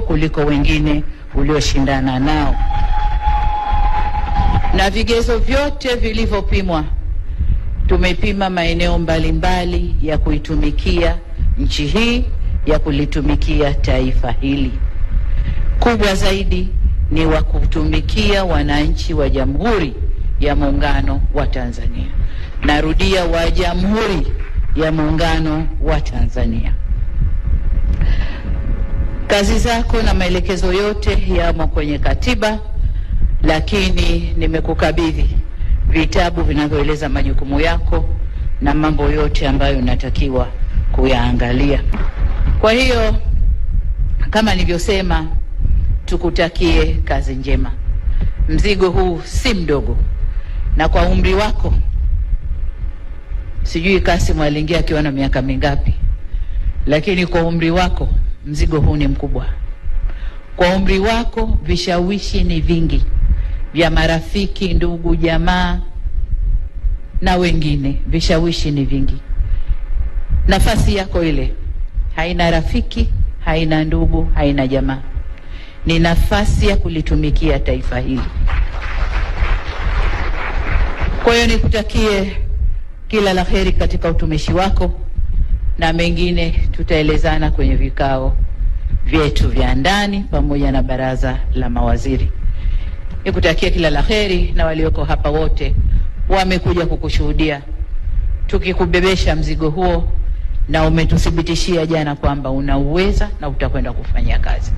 kuliko wengine ulioshindana nao, na vigezo vyote vilivyopimwa. Tumepima maeneo mbalimbali ya kuitumikia nchi hii, ya kulitumikia taifa hili. Kubwa zaidi ni wa kutumikia wananchi wa Jamhuri ya Muungano wa Tanzania. Narudia, wa Jamhuri ya Muungano wa Tanzania. Kazi zako na maelekezo yote yamo kwenye katiba, lakini nimekukabidhi vitabu vinavyoeleza majukumu yako na mambo yote ambayo unatakiwa kuyaangalia. Kwa hiyo kama nilivyosema, tukutakie kazi njema. Mzigo huu si mdogo, na kwa umri wako, sijui Kassim aliingia akiwa na miaka mingapi, lakini kwa umri wako mzigo huu ni mkubwa. Kwa umri wako, vishawishi ni vingi vya marafiki, ndugu, jamaa na wengine, vishawishi ni vingi. Nafasi yako ile haina rafiki, haina ndugu, haina jamaa, ni nafasi ya kulitumikia taifa hili. Kwa hiyo nikutakie kila la heri katika utumishi wako na mengine tutaelezana kwenye vikao vyetu vya ndani pamoja na baraza la mawaziri. Nikutakia kila la heri, na walioko hapa wote wamekuja kukushuhudia tukikubebesha mzigo huo, na umetuthibitishia jana kwamba unauweza na utakwenda kufanya kazi.